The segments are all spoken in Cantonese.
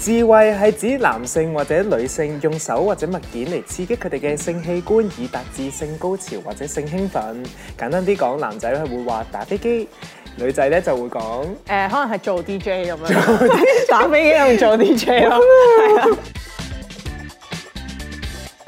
自慰係指男性或者女性用手或者物件嚟刺激佢哋嘅性器官，以達至性高潮或者性興奮。簡單啲講，男仔係會話打飛機，女仔咧就會講誒、呃，可能係做 DJ 咁樣，D 打飛機同做 DJ 咯。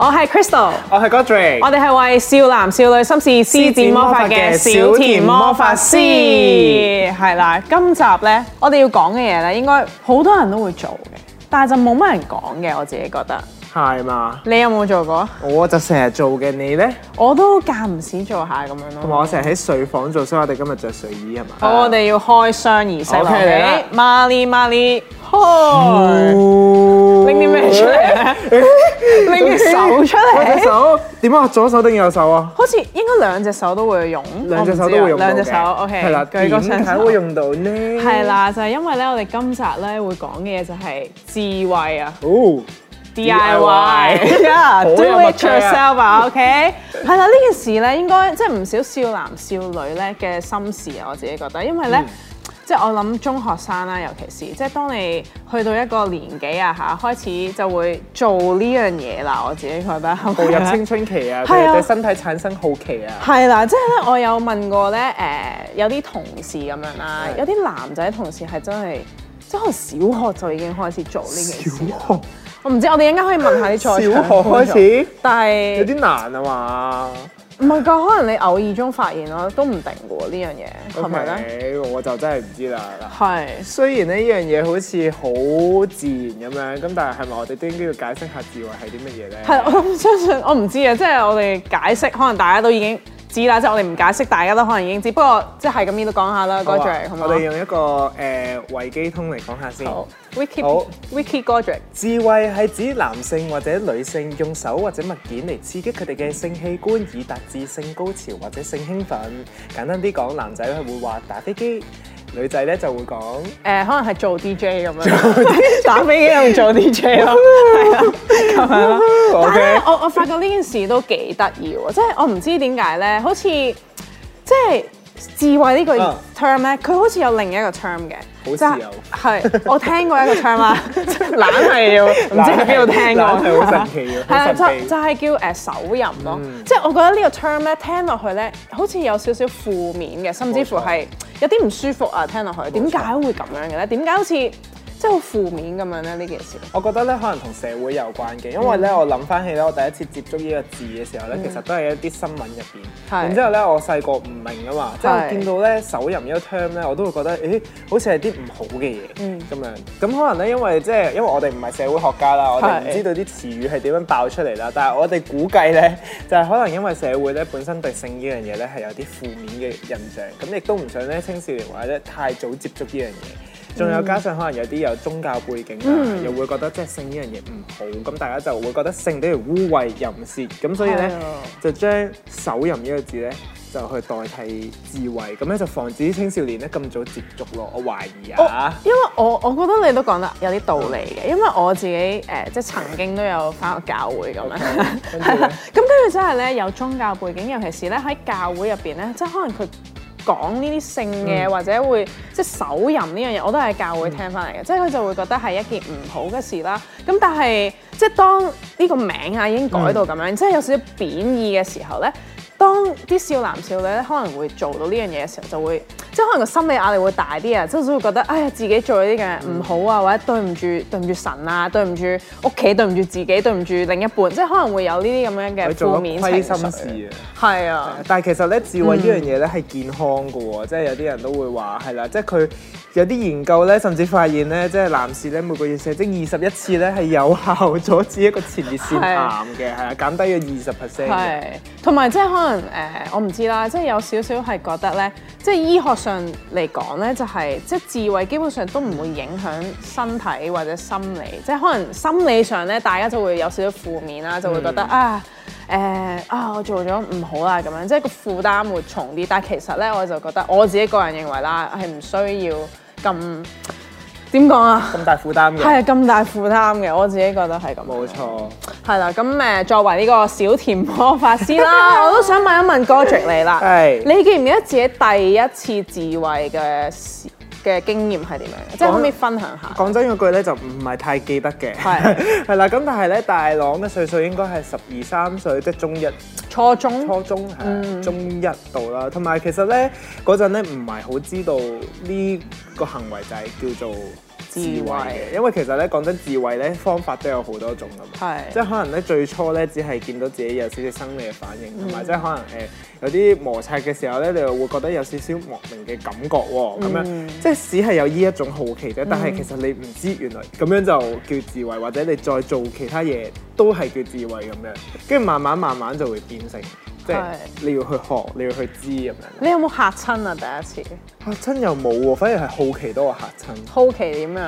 我係 Crystal，我係 Godric，我哋係為少男少女心事施展魔法嘅小甜魔法師，係 啦。今集咧，我哋要講嘅嘢咧，應該好多人都會做嘅，但係就冇乜人講嘅，我自己覺得係嘛？嗎你有冇做過？我就成日做嘅，你咧？我都間唔時做下咁樣咯。同埋我成日喺睡房做，所以我哋今日着睡衣係嘛？我哋要開箱儀式啦，瑪麗瑪麗。哦，拎啲咩出嚟？拎隻手出嚟。隻手點解？左手定右手啊？好似應該兩隻手都會用。兩隻手都會用嘅。兩隻手，OK。係啦，幾個身體會用到咧？係啦，就係因為咧，我哋今集咧會講嘅嘢就係自慰啊。哦，DIY，Yeah，Do it yourself，OK。係啦，呢件事咧應該即係唔少少男少女咧嘅心事啊，我自己覺得，因為咧。即係我諗中學生啦，尤其是即係當你去到一個年紀啊嚇，開始就會做呢樣嘢啦。我自己覺得，步入青春期啊，係對身體產生好奇啊。係啦、啊，即係咧，我有問過咧，誒、呃、有啲同事咁樣啦，是有啲男仔同事係真係即係可能小學就已經開始做呢件事。小學？我唔知，我哋應該可以問下你菜。小學開始？但係有啲難啊嘛。唔係㗎，可能你偶爾中發現啦，都唔定嘅 Okay, 呢樣嘢，係咪咧？我就真係唔知啦。係是，雖然呢樣嘢好似好自然咁樣，咁但係係咪我哋都應該要解釋下自慰係啲乜嘢咧？係，我相信，我唔知啊。即係我哋解釋，可能大家都已經知啦。即係我哋唔解釋，大家都可能已經知。不過即係咁邊都講下啦 George 我哋用一個誒維基通嚟講下先。好，Wiki、oh. Wiki Godric，自慰係指男性或者女性用手或者物件嚟刺激佢哋嘅性器官，以達至性高潮或者性興奮。簡單啲講，男仔係會話打飛機，女仔咧就會講，誒、呃，可能係做 DJ 咁樣， 打飛機同做 DJ 咯，係啊，咁樣咯。但係我我發覺呢件事都幾得意，即、就、係、是、我唔知點解咧，好似即係。就是自慰呢個 term 咧、啊，佢好似有另一個 term 嘅，好係係、就係、 我聽過一個 term 啦 了，懶係要唔知喺邊度聽過啊，係好神奇啊，就就係、係叫誒手淫咯，嗯、即係我覺得呢個 term 咧聽落去咧，好似有少少負面嘅，甚至乎係有啲唔舒服啊，聽落去，點解錯會咁樣嘅咧？點解好似？即係負面咁樣咧呢件事，我覺得咧可能同社會有關嘅，因為咧我諗翻起咧我第一次接觸呢個字嘅時候咧，嗯、其實都係一啲新聞入邊。係是。然後之後咧，我細個唔明啊嘛，是即係見到咧手淫一個 term 咧，我都會覺得，誒，好似係啲唔好嘅嘢。嗯。咁樣，咁可能咧，因為即係因為我哋唔係社會學家啦，我哋唔知道啲詞語係點樣爆出嚟啦。是但係我哋估計咧，就係、是、可能因為社會咧本身對性呢樣嘢咧係有啲負面嘅印象，咁亦都唔想咧青少年或者太早接觸呢樣嘢。仲有加上可能有啲有宗教背景啊，嗯、又會覺得即係性呢樣嘢唔好，咁、嗯、大家就會覺得性等於污穢淫褻，咁所以咧、嗯、就將手淫呢個字咧就去代替自慰，咁咧就防止啲青少年咧咁早接觸咯。我懷疑啊、哦，因為我我覺得你都講得有啲道理嘅，嗯、因為我自己誒、呃、即係曾經都有返過教會咁樣，咁跟住真係咧有宗教背景，尤其是咧喺教會入邊咧，即係可能佢。講呢啲性嘅，或者會即係手淫呢樣嘢，我都喺教會聽翻嚟嘅，嗯、即係佢就會覺得係一件唔好嘅事啦。咁但係即係當呢個名啊已經改到咁樣，嗯、即係有少少貶義嘅時候咧。當啲少男少女咧可能會做到呢樣嘢嘅時候，就會即係可能個心理壓力會大啲啊，即係都會覺得哎呀自己做呢啲嘅唔好啊，或者對唔住對唔住神啊，對唔住屋企，對唔住自己，對唔住另一半，即係可能會有呢啲咁樣嘅負面情緒。係啊，但係其實咧自慰呢樣嘢咧係健康嘅喎，即係、嗯、有啲人都會話係啦，即係佢有啲研究咧，甚至發現咧，即係男士咧每個月射精二十一次咧係有效阻止一個前列腺癌嘅，係是啊減低咗二十 percent 嘅，同埋即係可能。誒、呃，我唔知啦，即係有少少係覺得咧，即係醫學上嚟講咧，就係、是、即係自慰基本上都唔會影響身體或者心理，即係可能心理上咧，大家就會有少少負面啦，就會覺得、嗯、啊，誒、呃、啊，我做咗唔好啦咁樣，即係個負擔會重啲。但係其實咧，我就覺得我自己個人認為啦，係唔需要咁。點講啊？咁大負擔嘅係 啊，咁大負擔嘅，我自己覺得係咁。冇錯，係啦。咁誒，作為呢個小甜魔法師啦， 我都想問一問 George 你啦。係， 你記唔記得自己第一次自慰嘅事？嘅經驗係點樣？講即係可唔可以分享下？講真嗰句咧，就唔係太記得嘅。係係啦，咁 但係咧，大朗嘅歲數應該係十二三歲，即係中一、初中、初中係、嗯、中一度啦。同埋其實咧，嗰陣咧唔係好知道呢個行為就係、係、叫做。自慰因為其實咧講真，自慰咧方法都有好多種咁，是即係可能咧最初咧只係見到自己有少少生理嘅反應，同埋、嗯、即係可能誒、呃、有啲摩擦嘅時候咧，你會覺得有少少莫名嘅感覺咁、哦、樣、嗯、即係只係有呢一種好奇啫。但係其實你唔知原來咁樣就叫自慰，或者你再做其他嘢都係叫自慰咁樣，跟住慢慢慢慢就會變成。即係你要去學，你要去知咁樣。你有冇嚇親啊？第一次嚇親又冇喎，反而係好奇多過嚇親。好奇點樣？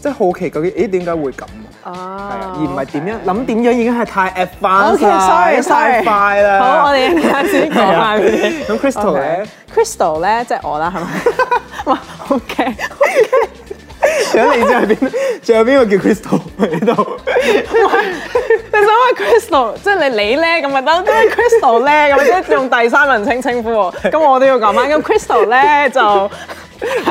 即係好奇究竟，咦？點解會咁啊？哦，係啊，而唔係點樣諗？點樣已經係太 advanced。OK，sorry，sorry，快啦。好，我哋而家轉講下。咁 Crystal 咧？Crystal 咧，即係我啦，係咪？唔係，OK，OK。想你知喺邊？最後邊個叫 Crystal 喺度？咁啊 Crystal，即係你你咧咁啊，等等 Crystal 咧咁，即係 用第三人稱稱呼我。咁我都要講翻。咁 Crystal 咧就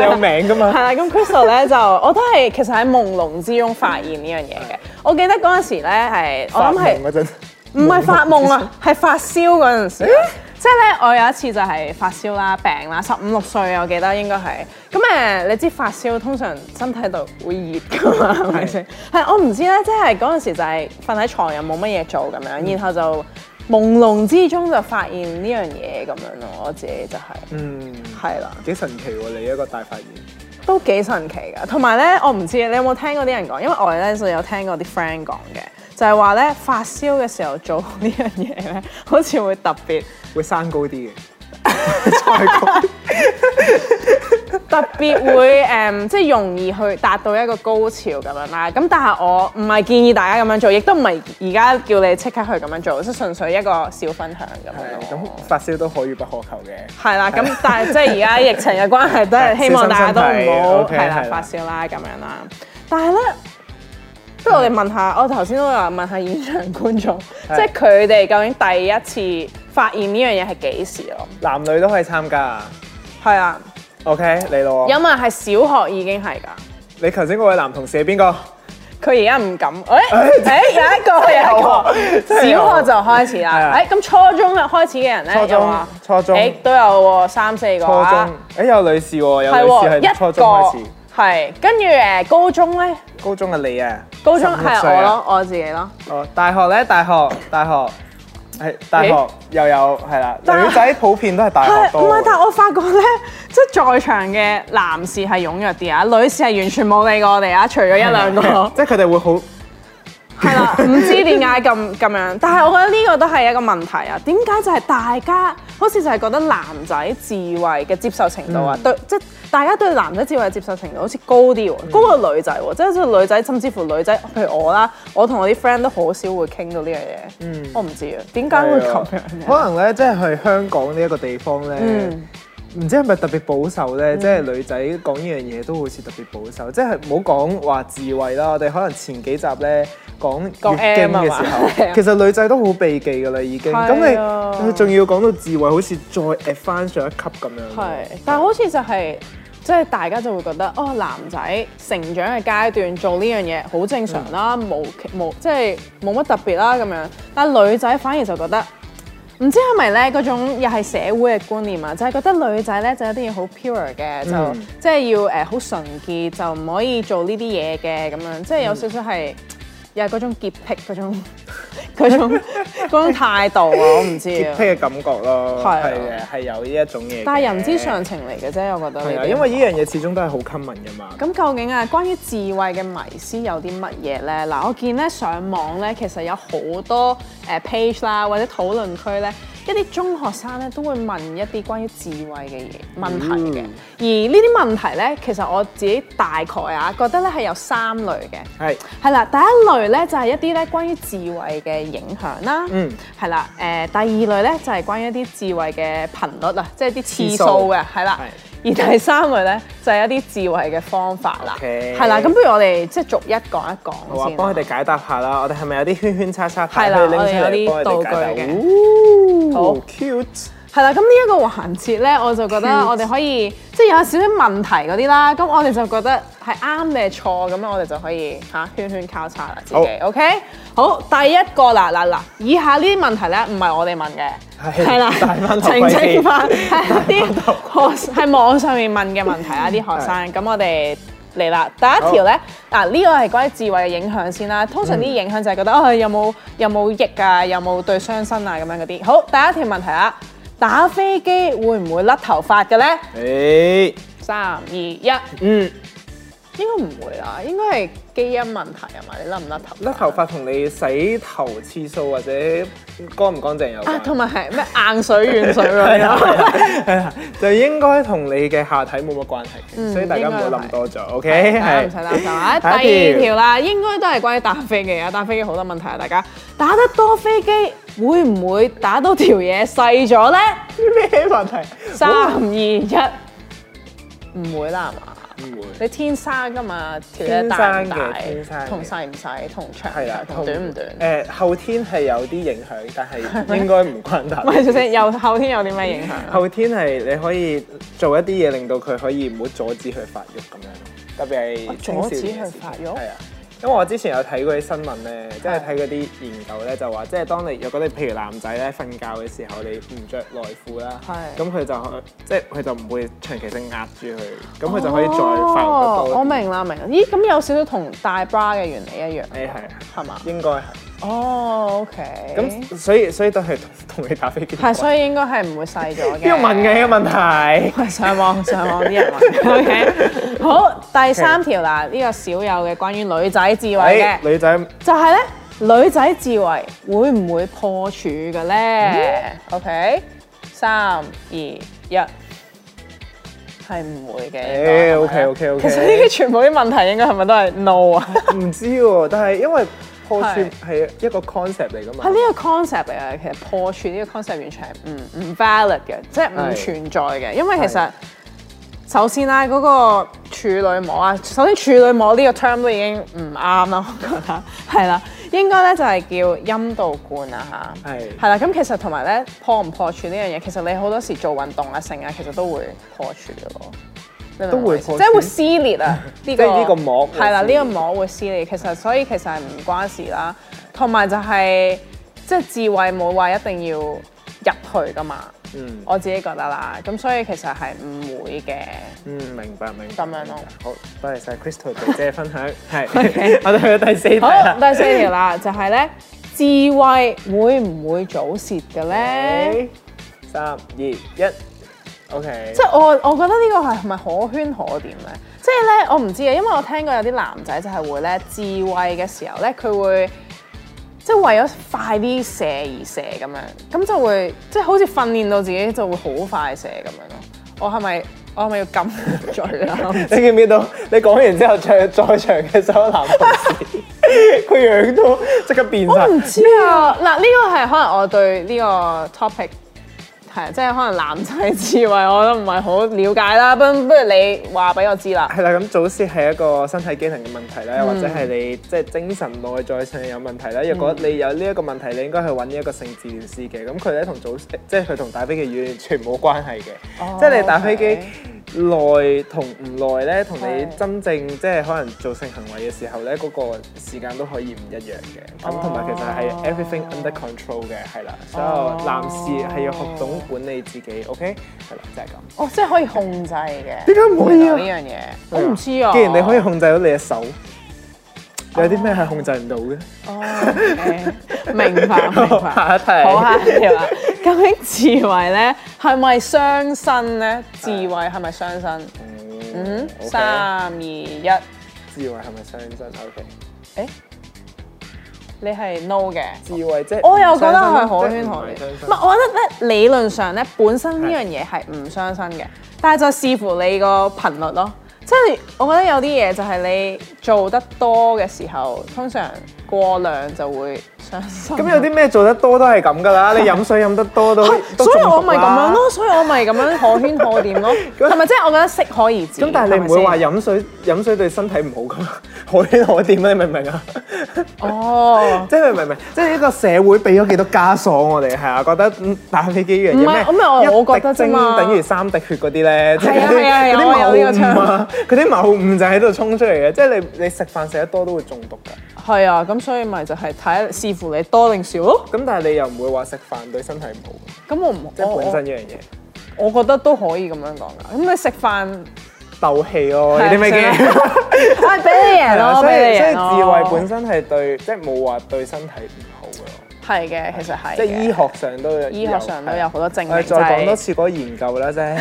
有名噶嘛。係啦，咁 Crystal 咧就我都係其實喺朦朧之中發現呢樣嘢嘅。我記得嗰陣時咧係我諗係，唔係發夢啊，係發燒嗰陣時。 即係咧，我有一次就係發燒啦、病啦，十五六歲我記得應該係。咁誒，你知發燒通常身體度會熱㗎嘛？係咪先？係， 我唔知咧，即係嗰陣時就係瞓喺床又，又冇乜嘢做咁樣，然後就朦朧之中就發現呢樣嘢咁樣咯。我自己就係、是，嗯，係啦了，幾神奇喎！你一個大發現，都幾神奇㗎。同埋咧，我唔知你有冇聽過啲人講，因為我咧，所以我有聽過啲 friend 講嘅。就係話咧，發燒嘅時候做呢樣嘢咧，好似會特別會生高啲嘅， 特別會誒，um, 即係容易去達到一個高潮咁樣啦。咁但係我唔係建議大家咁樣做，亦都唔係而家叫你即刻去咁樣做，即係純粹一個小分享咁樣。咁發燒都可遇不可求嘅。係啦，咁啦 但係即係而家疫情嘅關係，都係希望大家都唔好係啦，啦，啦發燒啦咁樣啦。但係咧。不如我哋問下，我頭先都話問下現場觀眾，即係佢哋究竟第一次發現呢樣嘢係幾時咯？男女都可以參加，係啊。OK，嚟咯。有冇人係小學已經係㗎？你頭先嗰位男同事係邊個？佢而家唔敢。誒誒，有一個有一個小學就開始啦。誒咁初中嘅開始嘅人咧，初中初中，誒都有三四個。初中誒有女士喎，有女士係初中開始。係跟住誒高中咧，高中嘅你啊。高中係、啊、我咯，我自己咯。哦，大學咧，大學，大學係大學又有係啦。但女仔普遍都係大學多，唔係，但係我發覺咧，即係在場嘅男士係踴躍啲啊，女士係完全冇理過我哋啊，除咗一兩個。即係佢哋會好，係啦，唔知點解咁咁樣。 但係我覺得呢個都係一個問題啊。點解就係大家好似就係覺得男仔自慰嘅接受程度啊，嗯、對，即係。大家對男仔自慰嘅接受程度好似高啲喎，高過女仔喎，即係即係女仔，甚至乎女仔，譬如我啦，我同我啲 friend 都好少會傾到呢樣嘢。嗯，我唔知啊，點解會咁樣？可能咧，即係香港呢一個地方咧，唔知係咪特別保守咧？即係女仔講呢樣嘢都好似特別保守，即係唔好講話自慰啦。我哋可能前幾集咧講月經嘅時候，其實女仔都好避忌噶啦，已經咁你仲要講到自慰，好似再 at 翻上一級咁樣。係，但係好似就係。即係大家就會覺得，哦，男仔成長嘅階段做呢樣嘢好正常啦，冇冇、嗯、即係冇乜特別啦咁樣。但係女仔反而就覺得，唔知係咪咧嗰種又係社會嘅觀念啊，就係、是、覺得女仔咧就有啲嘢好 pure 嘅，就，是嗯、就即係要誒好、呃、純潔，就唔可以做呢啲嘢嘅咁樣，即係有少少係。嗯又係嗰種潔癖嗰種嗰 種態度啊！我唔知啊，潔癖嘅感覺咯，係嘅，係有呢一種嘢。但係人之常情嚟嘅啫，我覺得。係啊，因為呢樣嘢始終都係好 common 嘅嘛。咁究竟啊，關於自慰嘅迷思有啲乜嘢咧？嗱，我見咧上網咧，其實有好多誒 page 啦，或者討論區咧。一啲中學生咧都會問一啲關於自慰嘅嘢問題嘅。嗯、而呢啲問題咧，其實我自己大概啊覺得咧係有三類嘅，係係啦，第一類咧就係一啲咧關於自慰嘅影響啦，嗯，係啦，誒、呃、第二類咧就係關於一啲自慰嘅頻率啦，即係啲次數嘅，係啦，次數。係嘅。而第三個咧就係、是，一啲智慧嘅方法啦，係啦 Okay.，咁不如我哋即係逐一講一講先一。我幫佢哋解答下啦，我哋係咪有啲圈圈叉叉的？係啦，我哋有啲道具嘅。具哦、好 cute。係啦，咁呢一個環節咧，我就覺得我哋可以即係有少少問題嗰啲啦。咁我哋就覺得係啱定係錯咁樣，我哋就可以嚇、啊、圈圈交叉啦。自己，OK 好，第一個啦，嗱嗱，以下呢啲問題咧，唔係我哋問嘅，係啦吧，大澄清翻啲，係網上面問嘅問題啊，啲 學生。咁、 啊、我哋嚟啦，第一條咧，嗱好，呢、啊呢個係關於智慧嘅影響先啦。通常啲影響就係覺得哦、啊，有冇有冇益㗎，有冇、啊、對傷身啊咁樣嗰啲。好，第一條問題啊。打飛機會唔會甩頭髮嘅呢？誒，三二一，嗯。應該唔會啦，應該係基因問題啊嘛，你甩唔甩頭？甩頭髮同你洗頭次數或者乾唔乾淨有關係？啊，同埋係咩硬水軟水啊？係啊，就應該同你嘅下體冇乜關係，所以大家唔好諗多咗，OK？係。唔使擔心啊。第二條啦，應該都係關於打飛機啊，打飛機好多問題啊，大家打得多飛機會唔會打到條嘢細咗咧？咩問題？三二一，唔會啦嘛。你天生噶嘛？大大天生嘅，大同細唔細，同長係啦，同短唔短。誒，時不時不時後天係有啲影響，但係應該唔關大。唔係，仲有後天有啲咩影響？後天係你可以做一啲嘢，令到佢可以唔好阻止佢發育咁樣，特別係阻止佢發育。係啊。因為我之前有睇過啲新聞咧，即係睇嗰啲研究咧，就話即係當你若果你譬如男仔咧，瞓覺嘅時候，你唔着內褲啦，咁佢是就即係佢就唔會長期性壓住佢，咁佢、哦、就可以再發育得到。我明啦，明。咦，咁有少少同戴 bra 嘅原理一樣。誒係的，係嘛吧？應該係。哦，OK。咁所以所以都係同你打飛機。係，所以應該係唔會細咗嘅。要問嘅一個問題。係上網上網啲人問。OK。好，第三條啦，呢個少有嘅關於女仔自慰嘅。女仔。就係咧，女仔自慰會唔會破處嘅咧？OK。三二一，係唔會嘅。OK OK OK。其實呢啲全部啲問題應該係咪都係 no 啊？唔知喎，但係因為。破處係一個 concept 嚟㗎嘛，係呢個 concept 嚟啊，其實破處呢個 concept 完全係唔 valid 嘅，即係唔存在嘅。是 因為其實首先啦、啊，嗰、那個處女膜啊，首先處女膜呢個 term 都已經唔啱啦，我覺得係啦，應該咧就係、是、叫陰道冠啊吓，係係啦。咁其實同埋咧破唔破處呢樣嘢，其實你好多時做運動啊成啊，其實都會破處嘅喎。都會即係會撕裂啊！即係呢個膜係啦，呢個膜會撕裂。其實所以其實係唔關事啦。同埋就係即係自慰冇話一定要入去噶嘛。嗯，我自己覺得啦。咁所以其實係唔會嘅。嗯，明白明白。咁樣咯。好，多謝晒 Crystal 姐姐分享。係，我哋去到第四。好，第四條啦，就係咧，自慰會唔會早洩嘅咧？三、二、一。Okay. 即係我，我覺得呢個係咪可圈可點咧？即係咧，我唔知啊，因為我聽過有啲男仔就係會咧，自慰嘅時候咧，佢會即係為咗快啲射而射咁樣，咁就會即係好似訓練到自己就會好快射咁樣咯。我係咪，我係咪要噤住嘴啊？你記唔記到？你講完之後再， 唱在場嘅所有男同事，佢樣都即刻變晒。我唔知啊。嗱，呢個係可能我對呢個 topic。係，即係可能男仔自慰我都唔係好了解啦，不不如你話俾我知啦。係啦，咁早泄係一個身體機能嘅問題啦，嗯、或者係你即係精神內在上有問題啦。如果你有呢一個問題，你應該去揾一個性治療師嘅。咁佢咧同早泄，即係佢同打飛機完全冇關係嘅，oh, 即係你打飛機。Okay. 耐同唔耐咧，同你真正即係可能做性行為嘅時候咧，嗰、嗰個時間都可以唔一樣嘅。咁同埋其實係 everything under control 嘅，係啦。哦、所有男士係要學懂管理自己、哦、OK？係啦，就係、是、咁。哦，即係可以控制嘅。點解唔會呢樣嘢？我唔知啊。啊知啊，既然你可以控制到你嘅手，有啲咩係控制唔到嘅？哦， 明白，明白。 好啊，好啊。 究竟自慰咧，係咪傷身咧？自慰係咪傷身？嗯，三二一，自慰係咪傷身？O K，誒，你係 no 嘅自慰即我又覺得係好啲好啲。唔係，我覺得咧，理論上咧，本身呢樣嘢係唔傷身嘅，但係就視乎你個頻率咯。即係我覺得有啲嘢就係你做得多嘅時候，通常。過量就會傷心。咁有啲咩做得多都係咁噶啦？你飲水飲得多都，所以我咪咁樣咯。所以我咪咁樣可圈可點咯。係咪即係我覺得適可而止？咁但係你唔會話飲水飲水對身體唔好噶嘛？可圈可點啦，你明唔明啊？哦，即係唔明唔明，即係呢個社會俾咗幾多枷鎖我哋，係啊，覺得打飛機呢樣嘢咩？我我覺得一滴精等於三滴血嗰啲咧，係啊係啊，有啊有呢個唱。佢啲謬誤就喺度衝出嚟嘅，即係你你食飯食得多都會中毒噶係啊，咁所以咪就係睇視乎你多定少咯。咁但係你又唔會話食飯對身體唔好。咁我唔即本身一樣嘢，我覺得都可以咁樣講㗎。咁你食飯鬥氣咯，你啲咩嘅？我係俾你贏咯，俾你贏咯。所以自慰本身係對，即係冇話對身體唔好㗎。係嘅，其實係。即係醫學上都有，醫學上都有好多證據。我再講多次嗰個研究啦啫。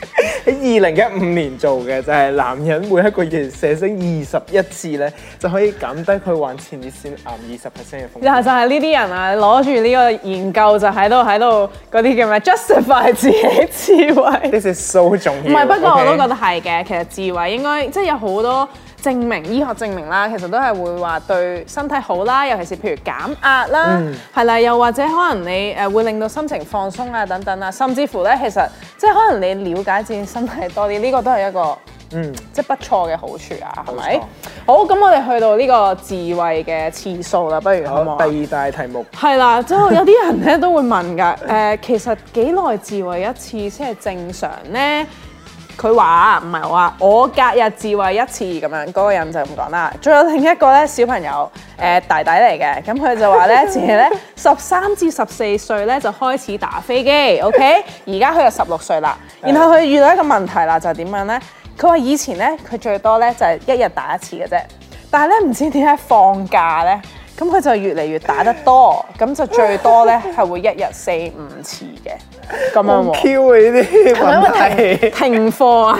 喺二零一五年做嘅就係、是、男人每一個月射精二十一次咧，就可以減低佢患前列腺癌二十 percent 嘅風險。就係呢啲人啊，攞住呢個研究就喺度喺度嗰啲叫咩 justify 自己自慰。This is 唔、so、係，不過 okay. 我都覺得係嘅。其實自慰應該即係有好多證明，醫學證明啦，其實都係會話對身體好啦。尤其是譬如減壓啦，係、嗯、啦，又或者可能你誒、呃、會令到心情放鬆啊等等啊，甚至乎咧，其實即係可能你了解。改善身體多啲，呢、這個都係一個嗯，即係不錯嘅好處啊，係咪錯？好，咁，我哋去到呢個自慰嘅次數啦，不如，好，好唔好，第二大題目係啦，就是、有啲人咧 都會問噶，誒、呃，其實幾耐自慰一次先係正常咧？佢話唔係話我隔日自慰一次咁樣，嗰個人就咁講啦。仲有另一個咧小朋友，誒弟弟嚟嘅，咁佢就話咧，其實咧十三至十四歲咧就開始打飛機，OK？而家佢就十六歲啦，然後佢遇到一個問題啦，就點樣咧？佢話以前咧佢最多咧就係一日打一次嘅啫，但係咧唔知點解放假咧，咁佢就越嚟越打得多，咁就最多咧係會一日四五次嘅。咁樣喎，Q 嘅呢啲問題係係係停課啊！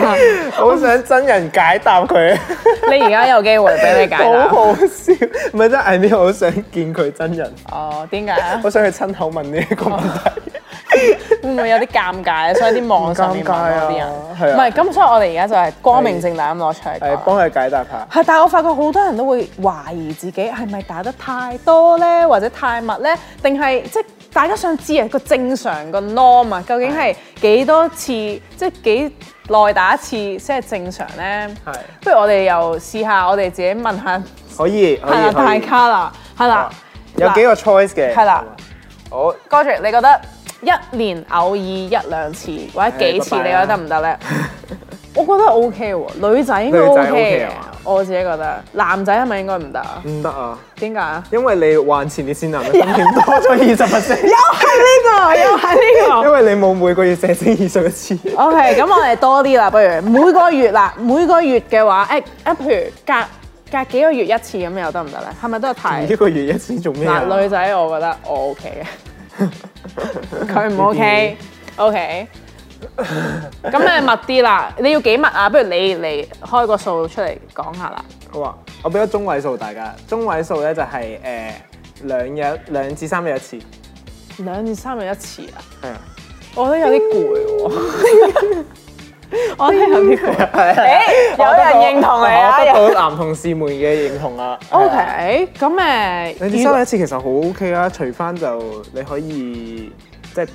好 想真人解答佢。 你而家有機會俾你解答。 好笑，唔係真係呢？我好想見佢真人。哦，點解啊？ 我想去親口問呢一個問題， 會唔會有啲尷，尷尬啊？所以啲網上啲人，尷尬啊！唔係咁，所以我哋而家就係光明正大咁攞出嚟，係幫佢解答下。係，但係我發覺好多人都會懷疑自己係咪打得太多咧，或者太密咧，定係即係。大家想知啊個正常個 norm 啊，究竟係幾多次，即係幾耐打一次先係正常咧？係，不如我哋又試下，我哋自己問下。可以，可以，係啦，大家啦，係啦，有幾個 choice 嘅。係啦，好，George，你覺得一年偶爾一兩次或者幾次，你覺得得唔得咧？我覺得 O K 喎，女仔 O K 啊，OK、我自己覺得，男仔係咪應該唔得啊？唔得啊？點解啊？因為你還前啲先男， 多咗二十 percent 又係呢、這個，又係呢、這個。 因為你冇每個月射精二十一次。O K，咁我哋多啲啦，不如每個月啦， 每個月嘅話，誒、哎，一譬如隔隔幾個月一次咁又得唔得咧？係咪都係太？幾個月一次做咩嗱，女仔我覺得我 O K 嘅，佢唔 O K，O K。咁誒密啲啦，你要幾密啊？不如你嚟開個數出嚟講下啦。好啊，我俾咗中位數大家。中位數咧就係誒兩日兩至三日一次，兩至三日一次啊。係啊，我覺得有啲攰、啊。 我覺得有啲攰、啊。誒、 哎， 有人認同你啊？得到男同事們嘅認同啊。O K，咁誒，兩麼至三日一次其實好 O K 啦。唉除翻就你可以即係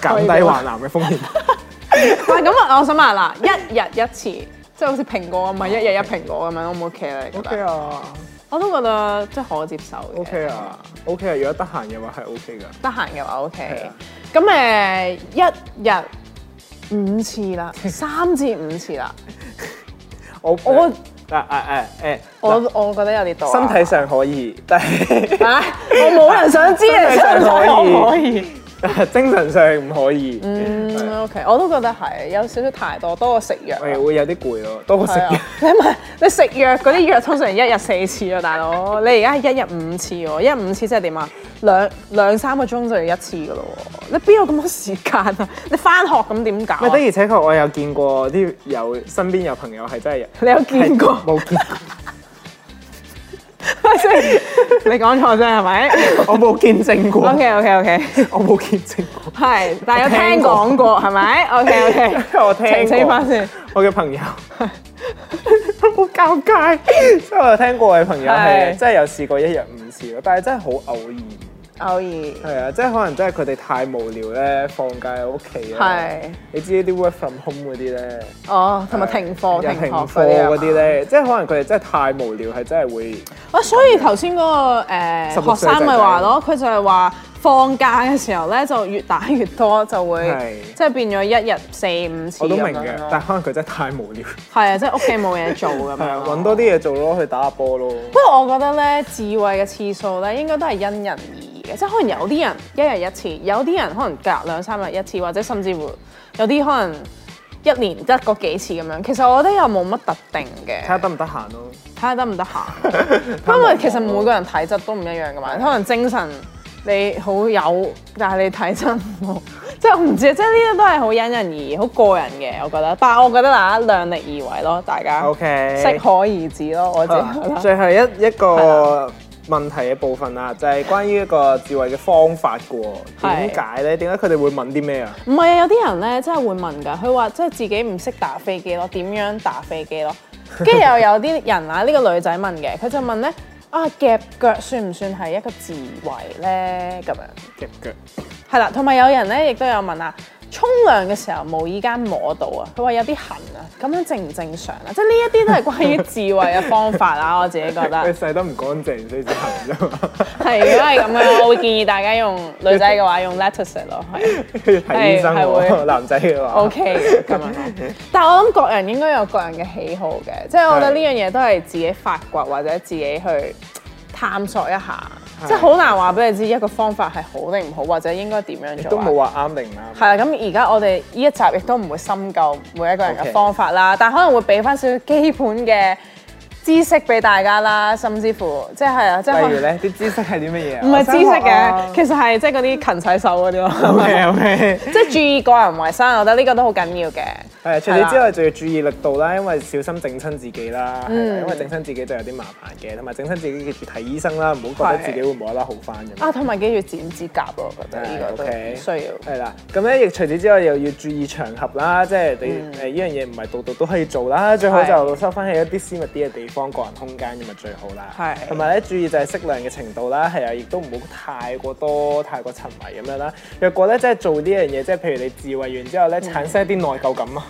減低患癌嘅風險。 喂，咁啊，我想問啦，一日一次，即係好似蘋果咁，唔係一日一蘋果咁樣，好唔好？O K 啊，我都覺得即係可接受嘅。O K 啊，O K 啊，如果得閒嘅話係 O K 噶，得閒嘅話 O K。咁誒，一日五次啦，三至五次啦。我我誒誒誒，我我覺得有啲多。身體上可以，但係我冇人想知你身體可唔可以。精神上唔可以，嗯是 OK，我都覺得係有少少太多，多過食藥，係會有啲攰咯，多過食藥。你唔係你食藥嗰啲藥通常一日四次啊，大佬， 你而家係一日五次喎，一日五次即係點啊？兩兩三個鐘就要一次㗎咯，你邊有咁多時間啊？你翻學咁點搞？唔，的不而且確我有見過啲有身邊有朋友係真係，你有見過冇 見過？ 你講錯咗係咪？我冇見證過。O K O K O K，我冇見證過。係，但係有聽講過係咪？O K O K，我聽。澄清翻先。我嘅朋友好尷尬，因為我聽你嘅朋友係真係有試過一日五次咯，但係真係好偶然。偶爾係啊，即係可能真係佢哋太無聊咧，放假喺屋企咧。係。你知啲 work from home 嗰啲咧，哦，同埋停課停課嗰啲咧，即係可能佢哋真係太無聊，係真係會。哇、啊！所以頭先嗰個誒學生咪話咯，佢就係話放假嘅時候咧，就越打越多，就會是即係變咗一日四五次。我都明嘅，但係可能佢真係太無聊。係啊， 即係屋企冇嘢做咁樣。係 搵多啲嘢做咯，去打下波咯。不過我覺得咧，自慰嘅次數咧，應該都係因人而。即係可能有啲人一日一次，有啲人可能隔兩三日一次，或者甚至乎有啲可能一年得嗰幾次咁樣。其實我覺得又冇乜特定嘅，睇下得唔得閒咯。睇下得唔得閒。因為 不看 其實每個人體質都唔一樣噶、啊、嘛， 可能精神你好有，但係你體質唔好，即係我唔知即係呢啲都係好因人而異，好個人嘅我覺得。但係我覺得大家量力而為咯，大家。O K。適可而止咯，我知。 最後一一個。問題嘅部分啊，就係、是、關於一個自慰嘅方法嘅喎，點解咧？點解佢哋會問啲咩啊？唔係啊，有啲人咧真係會問噶，佢話即係自己唔識打飛機咯，點樣打飛機咯？跟住又有啲人啊，呢、這個女仔問嘅，佢就問咧啊，夾腳算唔算係一個自慰咧？咁樣夾腳係啦，同埋有，有人咧亦都有問啊。沖涼嘅時候無意間摸到啊，佢話有啲痕啊，咁樣正唔正常啊？即係呢一啲都係關於自慰嘅方法啦，我自己覺得。你 洗得唔乾淨先至痕啫嘛。係， 如果係咁樣，我會建議大家用女仔嘅話用 l e t t i c e 咯。係。睇醫生、啊、會男仔嘅話。O K，咁啊。 但係我諗各人應該有各人嘅喜好嘅，即係 我覺得呢樣嘢都係自己發掘或者自己去探索一下。即係好難話俾你知一個方法係好定唔好，或者應該點樣做。都冇話啱定唔啱。係啦，咁而家我哋呢一集亦都唔會深究每一個人嘅方法啦，Okay. 但可能會俾翻少少基本嘅知識俾大家啦，甚至乎即係啊，即係例如咧啲知識係啲乜嘢？唔係知識嘅，其實係即係嗰啲勤洗手嗰啲咯，係啊，係，即係注意個人衞生， 我覺得呢個都好緊要嘅。係，除此之外就 Yeah. 要注意力度啦，因為小心整親自己啦、mm hmm.，因為整親自己都有啲麻煩嘅，同埋整親自己記住睇醫生啦，唔好覺得自己會冇得啦好翻咁。的啊，同埋記住剪指甲咯，我覺得呢 Yeah, 個 OK。需要。係啦 okay.，咁咧亦除此之外又要注意場合啦，即係你誒呢樣嘢唔係度度都可以做啦，最好就收翻喺一啲私密啲嘅地方、mm hmm. 個人空間咁咪最好啦。係、mm，同埋咧注意就係適量嘅程度啦，係啊，亦都唔好太過多、太過沉迷咁樣啦。若果咧即係做呢樣嘢，即係譬如你自慰完之後咧產生一啲內疚感啊～、mm hmm.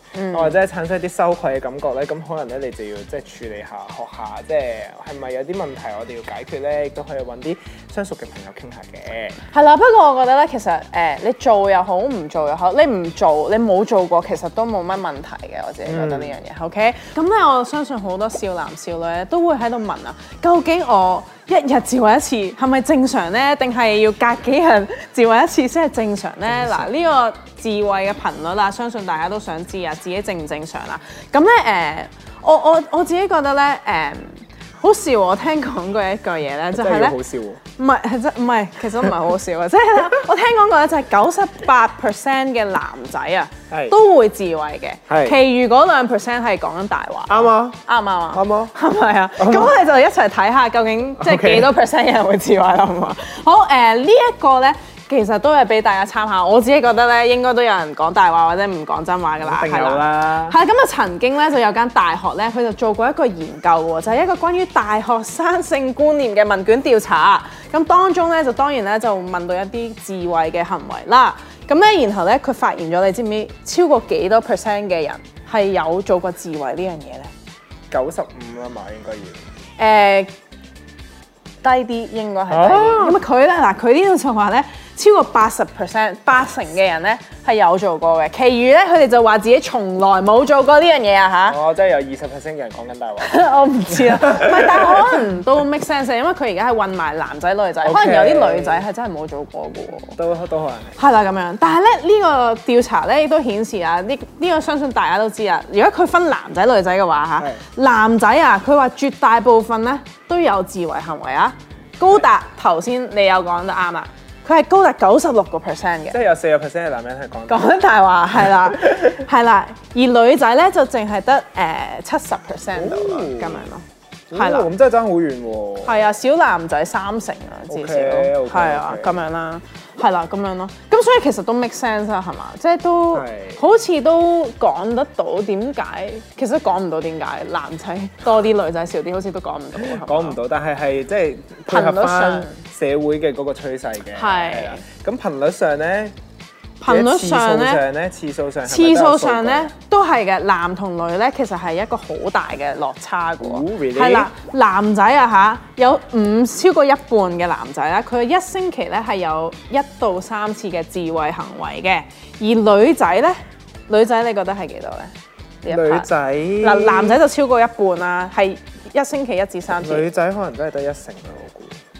或者係產生一啲羞愧嘅感覺咧，咁可能咧你就要即係處理下、學下，即係係咪有啲問題我哋要解決咧，都可以揾啲相熟嘅朋友傾下嘅。係啦、嗯，不過我覺得咧，其實誒、欸、你做又好，唔做又好，你唔做你冇做過，其實都冇乜問題嘅。我自己覺得呢樣嘢、嗯，OK？咁咧我相信好多少男少女都會喺度問啊，究竟我一日自慰一次係咪正常咧？定係要隔幾日自慰一次先係正常咧？嗱常，呢、呢個自慰嘅頻率啦，相信大家都想知啊。自己正唔正常啦、啊？咁咧誒，我我我自己覺得咧誒、呃，好笑！我聽講過一句嘢、就、咧、是，就係咧，好笑喎、哦。唔係，唔、呃、係，其實唔係好笑啊！即係、 就是、我聽講過咧，就係九十八 percent 嘅男仔啊，都會自慰嘅，是其餘嗰兩 percent 係講緊大話。啱啊，啱啊，啱啊，係咪啊？咁我哋就一齊睇下究竟即係幾多 percent 嘅人會自慰啦，Okay. 好嘛？好、呃、誒，這個、呢一個咧。其實都係俾大家參考，我自己覺得咧應該都有人講大話或者唔講真話噶啦，係啦。係啦。咁啊，曾經咧就有間大學咧，佢就做過一個研究喎，就係、是、一個關於大學生性觀念嘅問卷調查。咁當中咧就當然咧就問到一啲自慰嘅行為啦。咁咧然後咧佢發現咗，你知唔知超過幾多 percent 嘅人係有做過自慰呢樣嘢咧？九十五啊嘛，應該要。誒、呃，低啲，應該係低啲。咁啊佢咧嗱，佢、啊啊、呢度就、啊、話咧。超過八十 percent 八成嘅人咧係有做過嘅，其餘咧佢哋就話自己從來冇做過呢樣嘢啊！吓、哦？ 我真係有二十 percent 嘅人講緊大話，我唔知啊，唔係，但係可能都 make sense，因為佢而家係混埋男仔女仔，okay，可能有啲女仔係真係冇做過嘅，都都可能係係啦咁樣，但係咧呢、呢個調查咧亦都顯示啊，呢、呢、呢、個呢個相信大家都知啊。如果佢分男仔女仔嘅話吓，男仔啊，佢話的、啊、絕大部分咧都有自慰行為啊，高達頭先的你有講得啱啊。佢係高達九十六個 percent 嘅，即係有四個 percent 嘅男人係講講緊大話。係啦，係啦， 而女仔咧就淨係得誒七十 percent 咁樣咯，係、哦、啦，咁真係爭好遠喎。係啊，啊小男仔三成啊，至少。咯，係啊，咁 okay. 樣啦，係啦、啊，咁樣咯，咁 所以其實都 make sense 啊，係嘛，即、就、係、是、都是好似都講得到點解，其實講唔到點解男仔多啲，女仔少啲，好似都講唔到。講唔到，但係係即係配合翻社會嘅嗰個趨勢嘅，係是，咁頻率上咧，頻率上咧，次數上，次數上咧都係嘅。男同女咧，其實係一個好大嘅落差嘅喎。啦、oh, really?，男仔啊吓，有五超過一半嘅男仔啦。佢一星期咧係有一到三次嘅自慰行為嘅。而女仔咧，女仔你覺得係幾多咧？女仔生，男仔就超過一半啦、啊，係一星期一至三次。女仔可能都係得一成。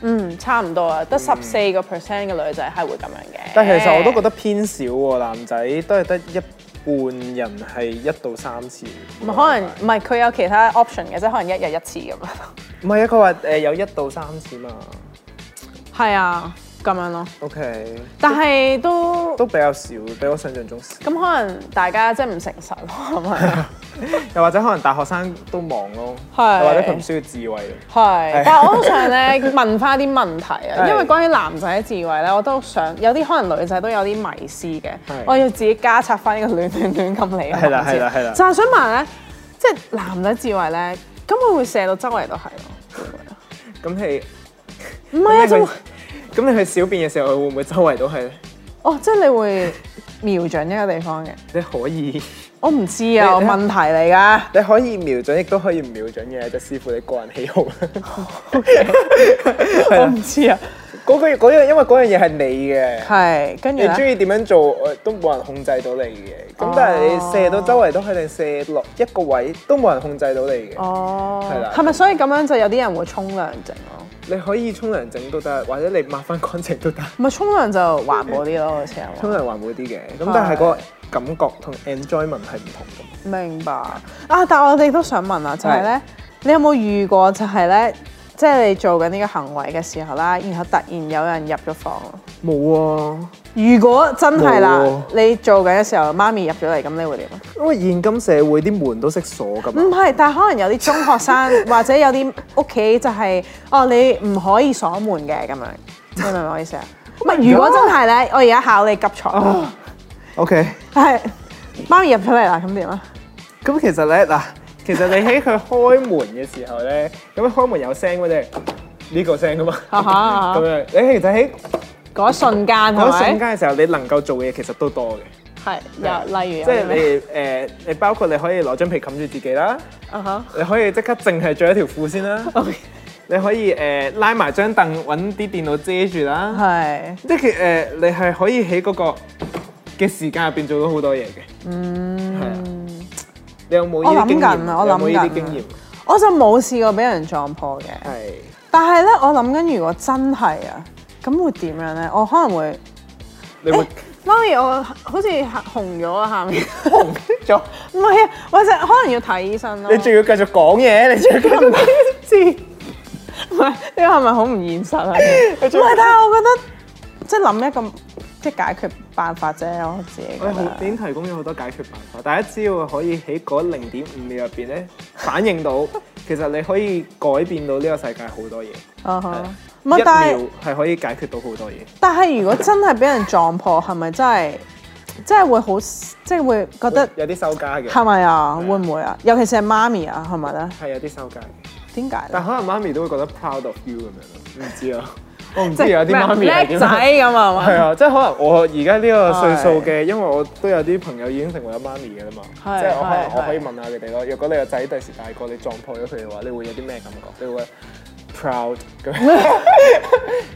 嗯，差唔多啊，得十四個 percent 嘅女仔係會咁樣嘅。但係其實我都覺得偏少喎，啊，欸，男仔都係得一半人係一到三次。唔係不可能，唔係佢有其他 option 嘅啫，可能一日一次咁樣。唔係啊，佢話誒有一到三次嘛。係啊。咁樣咯，OK，但係都都比較少，比我想象中少，咁可能大家即係唔誠實咯，係咪？又或者可能大學生都忙咯，係，或者佢唔需要智慧。係，但係我都想咧問翻啲問題啊，因為關於男仔嘅智慧咧，我都想有啲可能女仔都有啲迷思嘅。我要自己加插翻呢個亂亂亂咁嚟。係啦，係啦，係啦。就係想問咧，即係男仔智慧咧，咁會唔會射到周圍都係咯？咁係唔係啊？咁你去小便嘅時候，會唔會周圍都係咧？哦，即係你會瞄準一個地方嘅。你可以。我唔知啊，問題嚟㗎。你可以瞄準，亦都可以唔瞄準嘅，就視乎你個人喜好。我唔知啊。嗰個嗰樣，因為嗰樣嘢係你嘅。係。跟住咧。你鍾意點樣做，都冇人控制到你嘅。咁但係你射到周圍都係，定射落一個位都冇人控制到你嘅。哦。係啦。係咪所以咁樣就有啲人會沖涼整咯？你可以沖涼整都得，或者你抹翻乾淨都得。唔係沖涼就環保啲咯，好似係。沖涼環保啲嘅，咁但係個感覺同 enjoyment 係唔同嘅。明白啊！但係我哋都想問啊，就係咧，你有冇遇過就係咧？即係你做緊呢個行為嘅時候啦，然後突然有人入咗房。冇啊！如果真係啦，啊、你做緊嘅時候，媽咪入咗嚟咁，你會點？因為現今社會啲門都識鎖咁。唔係，但係可能有啲中學生 或者有啲屋企就係、是、哦，你唔可以鎖門嘅咁樣。你明唔明我意思啊？唔係，如果真係咧，我而家考你急才。O K。係 Okay.，媽咪入咗嚟啦，咁點啊？咁其實咧嗱。其實你喺佢開門嘅時候咧，咁開門有聲嘅啫，呢個聲㗎嘛。咁樣，你其實喺嗰瞬間，嗰瞬間嘅時候，你能夠做嘅嘢其實都多嘅。係，又例如，即係你誒，你包括你可以攞張被冚住自己啦。啊哈！你可以即刻淨係著一條褲先啦。你可以誒拉埋張凳搵啲電腦遮住啦。係。即係誒，你係可以喺嗰個嘅時間入邊做到好多嘢嘅。嗯。你有冇？我諗緊啊！我諗緊啊！我就冇試過俾人撞破嘅。係是。但係咧，我諗緊，如果真係啊，咁會點樣咧？我可能會。你會？媽咪，我好似紅咗下面。紅咗了？唔係啊，或者可能要睇醫生咯。你仲要繼續講嘢？你仲要繼續講嘢知？唔係， 你係咪好唔現實啊？唔係， 但係我覺得，即係諗一個？即解決辦法啫，我自己覺得。已經提供咗好多解決辦法，大家只要可以喺嗰零點五秒入邊咧反應到， 其實你可以改變到呢個世界好多嘢。嗯哼，一秒係可以解決到好多嘢。但係如果真係俾人撞破，係咪 真係真係會好？即、即係、會覺得會有啲收家嘅。係咪啊？的會唔會啊？尤其是係媽咪啊，係咪咧？係有啲收家嘅。點解？但可能媽咪都會覺得 proud of you 咁樣咯。唔知啊。我唔知有啲即媽咪仔咁啊？係啊， 即係可能我而家呢個歲數嘅，的因為我都有啲朋友已經成為咗媽咪嘅啦嘛。的即係我可能的我可以問下你哋咯。若果你個仔第時大個，你撞破咗佢嘅話，你會有啲咩感覺？你會 proud 咁，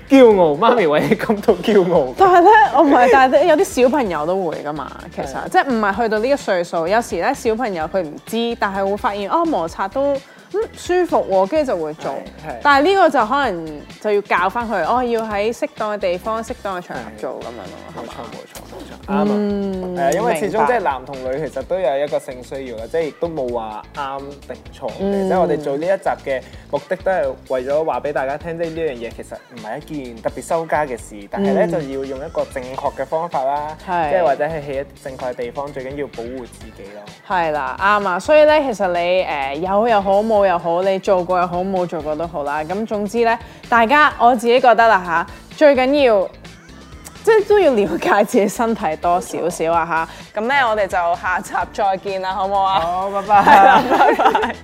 驕傲媽咪為你感到驕傲。驕傲 但係咧，我唔係，但係有啲小朋友都會噶嘛。其實的 即係唔係去到呢個歲數，有時咧小朋友佢唔知，但係會發現哦摩、哦、擦都。嗯，舒服喎，跟住就會做，但係呢個就可能就要教翻佢，哦，要喺適當嘅地方、適當嘅場合做咁樣咯，係嘛？吧啱啊，嗯、因為始終即係男同女其實都有一個性需要嘅，即係亦都冇話啱定錯、嗯、即係我哋做呢一集嘅目的都係為咗話俾大家聽，即呢樣嘢其實唔係一件特別羞家嘅事，但係咧、嗯、就要用一個正確嘅方法啦，是即係或者係喺一個正確嘅地方，最緊要保護自己咯。係啦，啱啊，所以咧其實你誒、呃、有又好冇又好，你做過又好冇做過都好啦。咁總之咧，大家我自己覺得啦嚇，最緊要。即係都要了解自己身體多少少啊吓，咁咧 Okay. 我哋就下集再見啦，好唔好啊？好，拜拜、oh, bye， 拜拜。